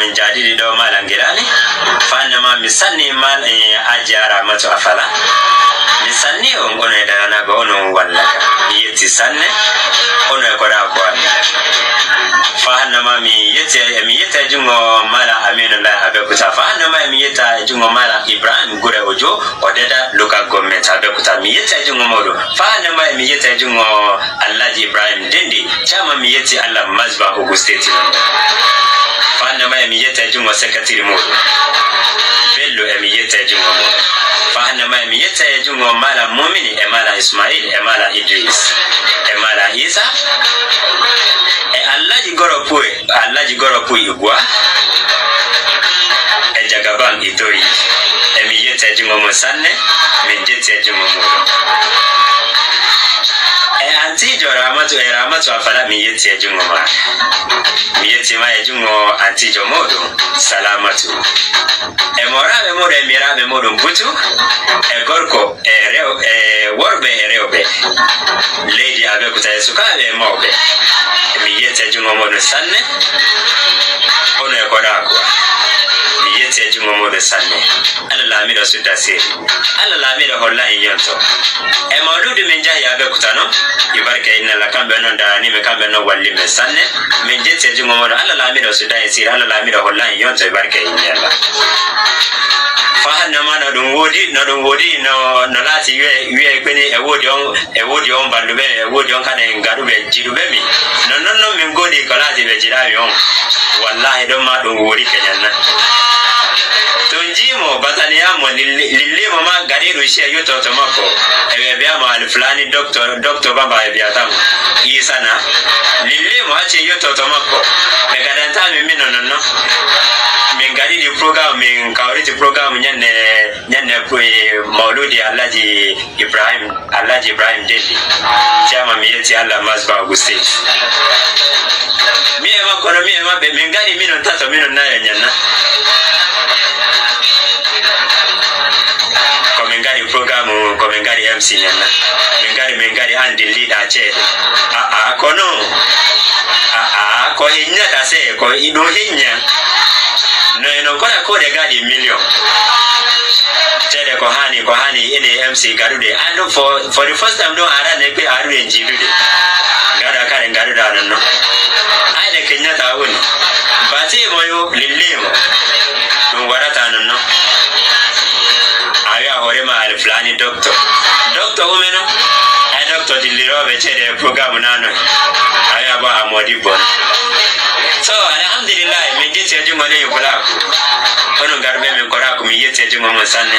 min jadidi ɗo malam geɗani fannama mi sanni man eh, a jaramato a fala mi sanni on ono e daranago onon wallaka mi yetti sanne ono e koɗa ko anni fa hannama mi yetti mi yetta jungo mala aminullah abe kuta fa hannama mi yetta jungo mala ibrahim gure ojo o deda luka gommet abe kuta mi yetta jungo moɗo fa hannama mi yetta jungo allahji ibrahim dendi cama mi yetti allah masba ogu state london emiyete ejumwa sekatiri mulu bello emiyete ejumwa mulu fahanama emiyete ejumwa mala mumini emala ismail emala idris emala isa e allaji goro pue allaji goro pue igwa e jagaban itori emiyete ejumwa musanne min jete ejumwa mulu amatu era amatu afala miyeti ya jungo ma miyeti ma ya jungo anti jomodo salamatu emora memodo emira e memodo e e mbutu egorko ereo e, worbe ereobe lady abe kutayesuka be mobe miyeti ya jungo modo sanne de sanne ala la lamira sudda se ala la lamira holla in yonto e mawludi min ya be kutano barka inna la kambe no da ni me kambe no walli me sanne men je te jingo modo ala la lamira sudda e sir ala la lamira holla in yonto ibarka in yalla fahanna ma na ɗum wodi na ɗum wodi no no la ti laati wiye wiye kweni e wodi on e wodi on e be e wodi on kadi en gaɗuɓe be mi non noon noon min goodi ko laati ɓe jiɗami on wallahi ɗon ma ɗum woodi keñanna mo batani yamo lilimo magari rushia yote otomako ebya mahali fulani doctor doctor bamba ebya tamu iyi sana lilimo ache yote otomako megadanta mimi no no no mengali di program men kawri di program nyanne nyanne kwe mauludi alaji ibrahim alaji ibrahim dedi chama miyeti ala masba augustin mie makono mie mabe mengali mino tato mino nayo nyana msinyana mengari mengari handi lida acede aa ah, ah, kono aa ah, ko hinya kase ko ido hinya no eno kora kode gadi million tede ko hani ko hani ene mc garude and for for the first time no ara ne pe arude njidude gada kare garuda nanno kyerɛ program n'ano ayɛ abɔ amɔdi so alhamdulilayi megye tiɛ dwuma no yɛ black ɔno garbɛ mekɔrɔ ako meyɛ tiɛ dwuma mu nsanne